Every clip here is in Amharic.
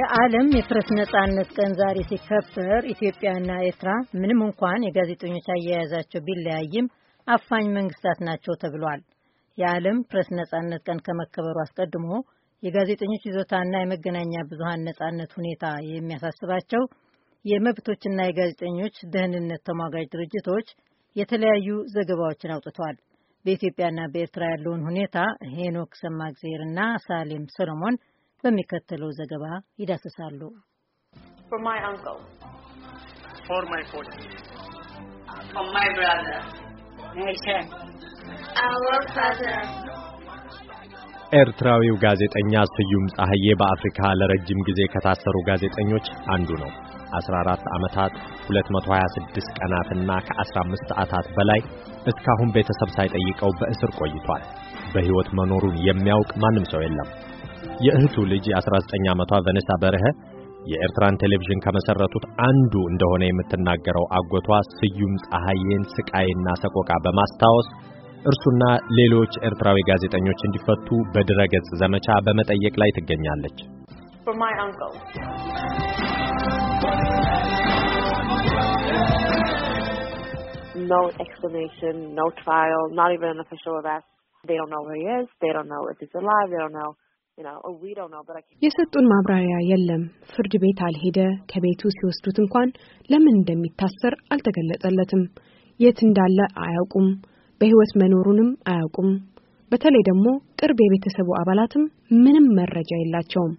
የዓለም የፕረስ ነጻነት ቀን ዛሬ ሲከበር ኢትዮጵያና ኤርትራ ምንም እንኳን የጋዜጠኞች አያያዛቸው ቢለያይም አፋኝ መንግስታት ናቸው ተብሏል። የዓለም ፕረስ ነጻነት ቀን ከመከበሩ አስቀድሞ የጋዜጠኞች ይዞታና የመገናኛ ብዙሀን ነጻነት ሁኔታ የሚያሳስባቸው የመብቶችና የጋዜጠኞች ደህንነት ተሟጋጅ ድርጅቶች የተለያዩ ዘገባዎችን አውጥተዋል። በኢትዮጵያና በኤርትራ ያለውን ሁኔታ ሄኖክ ሰማግዜርና ሳሌም ሰሎሞን በሚከተለው ዘገባ ይዳስሳሉ። ኤርትራዊው ጋዜጠኛ ስዩም ጸሐዬ በአፍሪካ ለረጅም ጊዜ ከታሰሩ ጋዜጠኞች አንዱ ነው። 14 ዓመታት 226 ቀናትና ከ15 ሰዓታት በላይ እስካሁን ቤተሰብ ሳይጠይቀው በእስር ቆይቷል። በሕይወት መኖሩን የሚያውቅ ማንም ሰው የለም። የእህቱ ልጅ 19 ዓመቷ ቨነሳ በርሀ የኤርትራን ቴሌቪዥን ከመሰረቱት አንዱ እንደሆነ የምትናገረው አጎቷ ስዩም ፀሐዬን ስቃይና ሰቆቃ በማስታወስ እርሱና ሌሎች ኤርትራዊ ጋዜጠኞች እንዲፈቱ በድረገጽ ዘመቻ በመጠየቅ ላይ ትገኛለች። No Oh, የሰጡን ማብራሪያ የለም። ፍርድ ቤት አልሄደ። ከቤቱ ሲወስዱት እንኳን ለምን እንደሚታሰር አልተገለጸለትም። የት እንዳለ አያውቁም። በህይወት መኖሩንም አያውቁም። በተለይ ደግሞ ቅርብ የቤተሰቡ አባላትም ምንም መረጃ የላቸውም።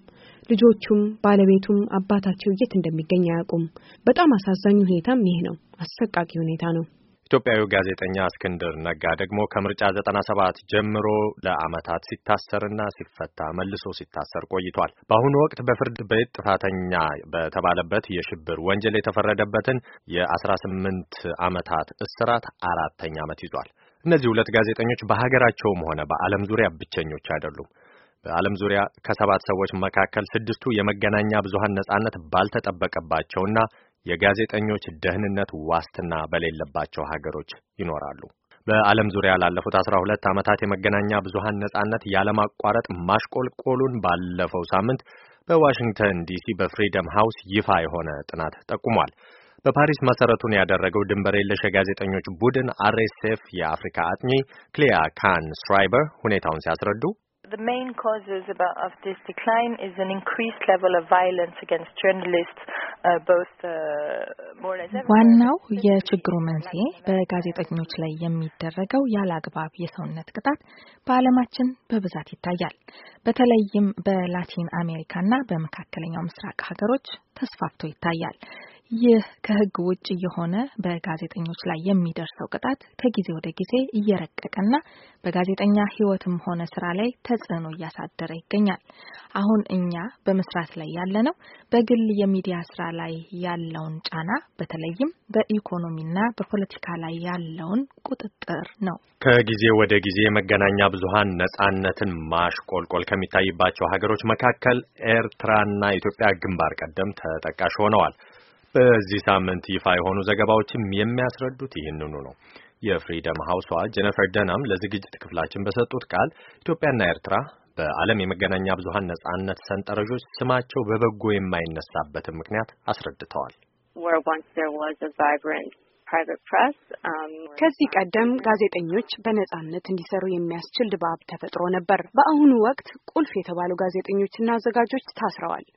ልጆቹም ባለቤቱም አባታቸው የት እንደሚገኝ አያውቁም። በጣም አሳዛኝ ሁኔታም ይህ ነው። አሰቃቂ ሁኔታ ነው። ኢትዮጵያዊ ጋዜጠኛ እስክንድር ነጋ ደግሞ ከምርጫ 97 ጀምሮ ለዓመታት ሲታሰርና ሲፈታ መልሶ ሲታሰር ቆይቷል። በአሁኑ ወቅት በፍርድ ቤት ጥፋተኛ በተባለበት የሽብር ወንጀል የተፈረደበትን የ18 ዓመታት እስራት አራተኛ ዓመት ይዟል። እነዚህ ሁለት ጋዜጠኞች በሀገራቸውም ሆነ በዓለም ዙሪያ ብቸኞች አይደሉም። በዓለም ዙሪያ ከሰባት ሰዎች መካከል ስድስቱ የመገናኛ ብዙሃን ነጻነት ባልተጠበቀባቸውና የጋዜጠኞች ደህንነት ዋስትና በሌለባቸው ሀገሮች ይኖራሉ። በዓለም ዙሪያ ላለፉት አስራ ሁለት ዓመታት የመገናኛ ብዙሃን ነጻነት ያለማቋረጥ ማሽቆልቆሉን ባለፈው ሳምንት በዋሽንግተን ዲሲ በፍሪደም ሃውስ ይፋ የሆነ ጥናት ጠቁሟል። በፓሪስ መሰረቱን ያደረገው ድንበር የለሽ የጋዜጠኞች ቡድን አርኤስኤፍ የአፍሪካ አጥኚ ክሊያ ካን ስራይበር ሁኔታውን ሲያስረዱ the main causes about, of this decline is an increased level of violence against journalists, uh, both uh, more or less. ዋናው የችግሩ መንስኤ በጋዜጠኞች ላይ የሚደረገው ያለ አግባብ የሰውነት ቅጣት በዓለማችን በብዛት ይታያል። በተለይም በላቲን አሜሪካና በመካከለኛው ምስራቅ ሀገሮች ተስፋፍቶ ይታያል። ይህ ከህግ ውጭ የሆነ በጋዜጠኞች ላይ የሚደርሰው ቅጣት ከጊዜ ወደ ጊዜ እየረቀቀና በጋዜጠኛ ህይወትም ሆነ ስራ ላይ ተጽዕኖ እያሳደረ ይገኛል። አሁን እኛ በመስራት ላይ ያለነው በግል የሚዲያ ስራ ላይ ያለውን ጫና በተለይም በኢኮኖሚና በፖለቲካ ላይ ያለውን ቁጥጥር ነው። ከጊዜ ወደ ጊዜ የመገናኛ ብዙሃን ነጻነትን ማሽቆልቆል ከሚታይባቸው ሀገሮች መካከል ኤርትራና ኢትዮጵያ ግንባር ቀደም ተጠቃሽ ሆነዋል። በዚህ ሳምንት ይፋ የሆኑ ዘገባዎችም የሚያስረዱት ይህንኑ ነው። የፍሪደም ሀውሷ ጀነፈር ደናም ለዝግጅት ክፍላችን በሰጡት ቃል ኢትዮጵያና ኤርትራ በዓለም የመገናኛ ብዙሃን ነጻነት ሰንጠረዦች ስማቸው በበጎ የማይነሳበትን ምክንያት አስረድተዋል። Um, ከዚህ ቀደም ጋዜጠኞች በነጻነት እንዲሰሩ የሚያስችል ድባብ ተፈጥሮ ነበር። በአሁኑ ወቅት ቁልፍ የተባሉ ጋዜጠኞችና አዘጋጆች ታስረዋል።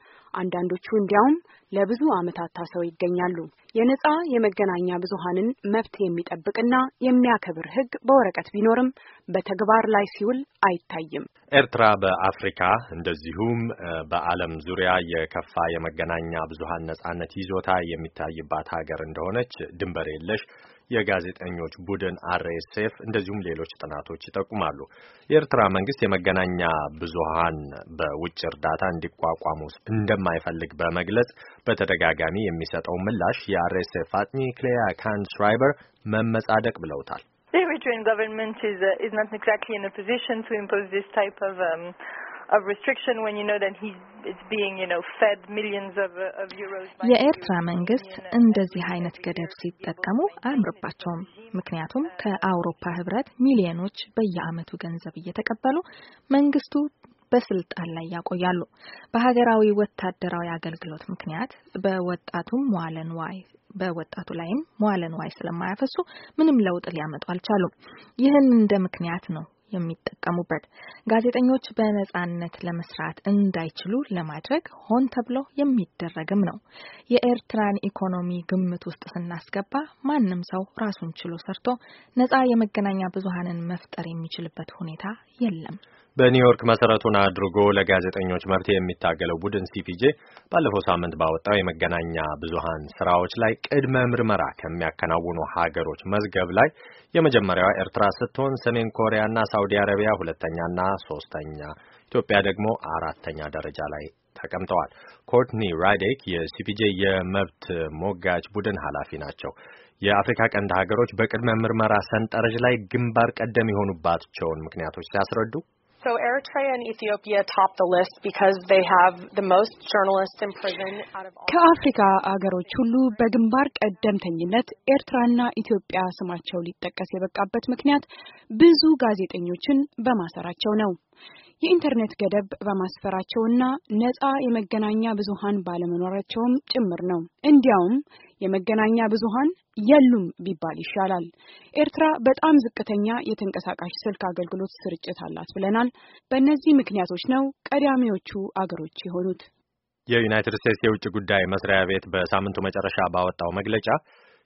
አንዳንዶቹ እንዲያውም ለብዙ ዓመታት ታስረው ይገኛሉ። የነጻ የመገናኛ ብዙሃንን መብት የሚጠብቅና የሚያከብር ሕግ በወረቀት ቢኖርም በተግባር ላይ ሲውል አይታይም። ኤርትራ በአፍሪካ እንደዚሁም በዓለም ዙሪያ የከፋ የመገናኛ ብዙሃን ነጻነት ይዞታ የሚታይባት ሀገር እንደሆነች ድንበር የለሽ የጋዜጠኞች ቡድን አርኤስኤፍ እንደዚሁም ሌሎች ጥናቶች ይጠቁማሉ። የኤርትራ መንግስት የመገናኛ ብዙሃን በውጭ እርዳታ እንዲቋቋሙ እንደማይፈልግ በመግለጽ በተደጋጋሚ የሚሰጠው ምላሽ የአርኤስኤፍ አጥኚ ክሌያ ካንስራይበር መመጻደቅ ብለውታል። The Eritrean government is uh, is not exactly in a position to impose this type of um, የኤርትራ መንግስት e እንደዚህ አይነት ገደብ ሲጠቀሙ አያምርባቸውም። ምክንያቱም ከአውሮፓ ህብረት ሚሊዮኖች በየአመቱ ገንዘብ እየተቀበሉ መንግስቱ በስልጣን ላይ ያቆያሉ። በሀገራዊ ወታደራዊ አገልግሎት ምክንያት በወጣቱም መዋለ በወጣቱ ላይም መዋለ ንዋይ ስለማያፈሱ ምንም ለውጥ ሊያመጡ አልቻሉም። ይህን እንደ ምክንያት ነው የሚጠቀሙበት ጋዜጠኞች በነጻነት ለመስራት እንዳይችሉ ለማድረግ ሆን ተብሎ የሚደረግም ነው። የኤርትራን ኢኮኖሚ ግምት ውስጥ ስናስገባ ማንም ሰው ራሱን ችሎ ሰርቶ ነጻ የመገናኛ ብዙሃንን መፍጠር የሚችልበት ሁኔታ የለም። በኒውዮርክ መሰረቱን አድርጎ ለጋዜጠኞች መብት የሚታገለው ቡድን ሲፒጄ ባለፈው ሳምንት ባወጣው የመገናኛ ብዙሃን ስራዎች ላይ ቅድመ ምርመራ ከሚያከናውኑ ሀገሮች መዝገብ ላይ የመጀመሪያዋ ኤርትራ ስትሆን ሰሜን ኮሪያና ሳውዲ አረቢያ ሁለተኛና ሶስተኛ፣ ኢትዮጵያ ደግሞ አራተኛ ደረጃ ላይ ተቀምጠዋል። ኮርትኒ ራይዴክ የሲፒጄ የመብት ሞጋች ቡድን ኃላፊ ናቸው። የአፍሪካ ቀንድ ሀገሮች በቅድመ ምርመራ ሰንጠረዥ ላይ ግንባር ቀደም የሆኑባቸውን ምክንያቶች ሲያስረዱ So Eritrea and Ethiopia top the list because they have the most journalists in prison out of all ከአፍሪካ አገሮች ሁሉ በግንባር ቀደምተኝነት ኤርትራና ኢትዮጵያ ስማቸው ሊጠቀስ የበቃበት ምክንያት ብዙ ጋዜጠኞችን በማሰራቸው ነው። የኢንተርኔት ገደብ በማስፈራቸውና ነፃ የመገናኛ ብዙሃን ባለመኖራቸውም ጭምር ነው። እንዲያውም የመገናኛ ብዙሃን የሉም ቢባል ይሻላል። ኤርትራ በጣም ዝቅተኛ የተንቀሳቃሽ ስልክ አገልግሎት ስርጭት አላት ብለናል። በእነዚህ ምክንያቶች ነው ቀዳሚዎቹ አገሮች የሆኑት። የዩናይትድ ስቴትስ የውጭ ጉዳይ መስሪያ ቤት በሳምንቱ መጨረሻ ባወጣው መግለጫ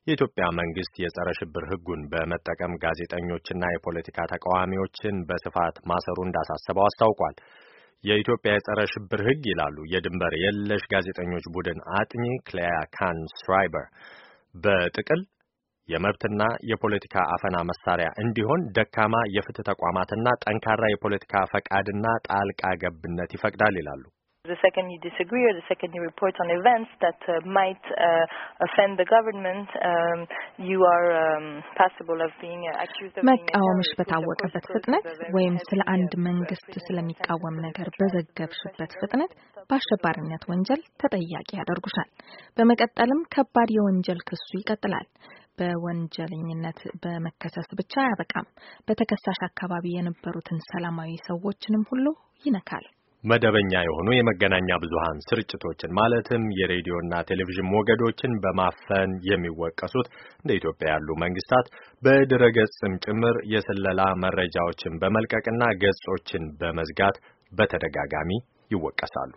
የኢትዮጵያ መንግስት የጸረ ሽብር ሕጉን በመጠቀም ጋዜጠኞችና የፖለቲካ ተቃዋሚዎችን በስፋት ማሰሩ እንዳሳሰበው አስታውቋል። የኢትዮጵያ የጸረ ሽብር ሕግ ይላሉ የድንበር የለሽ ጋዜጠኞች ቡድን አጥኚ ክሌያ ካን ስራይበር በጥቅል የመብትና የፖለቲካ አፈና መሳሪያ እንዲሆን ደካማ የፍትህ ተቋማትና ጠንካራ የፖለቲካ ፈቃድና ጣልቃ ገብነት ይፈቅዳል ይላሉ። The second you disagree or the second you report on events that uh, might uh, offend the government, um, you are um, possible of being accused of መቃወምሽ በታወቀበት ፍጥነት ወይም ስለ uh, አንድ መንግስት ስለሚቃወም ነገር በዘገብሽበት ፍጥነት በአሸባሪነት ወንጀል ተጠያቂ ያደርጉሻል። በመቀጠልም ከባድ የወንጀል ክሱ ይቀጥላል። በወንጀለኝነት በመከሰስ ብቻ አያበቃም። በተከሳሽ አካባቢ የነበሩትን ሰላማዊ ሰዎችንም ሁሉ ይነካል። መደበኛ የሆኑ የመገናኛ ብዙሃን ስርጭቶችን ማለትም የሬዲዮና ቴሌቪዥን ሞገዶችን በማፈን የሚወቀሱት እንደ ኢትዮጵያ ያሉ መንግስታት በድረገጽም ጭምር የስለላ መረጃዎችን በመልቀቅና ገጾችን በመዝጋት በተደጋጋሚ ይወቀሳሉ።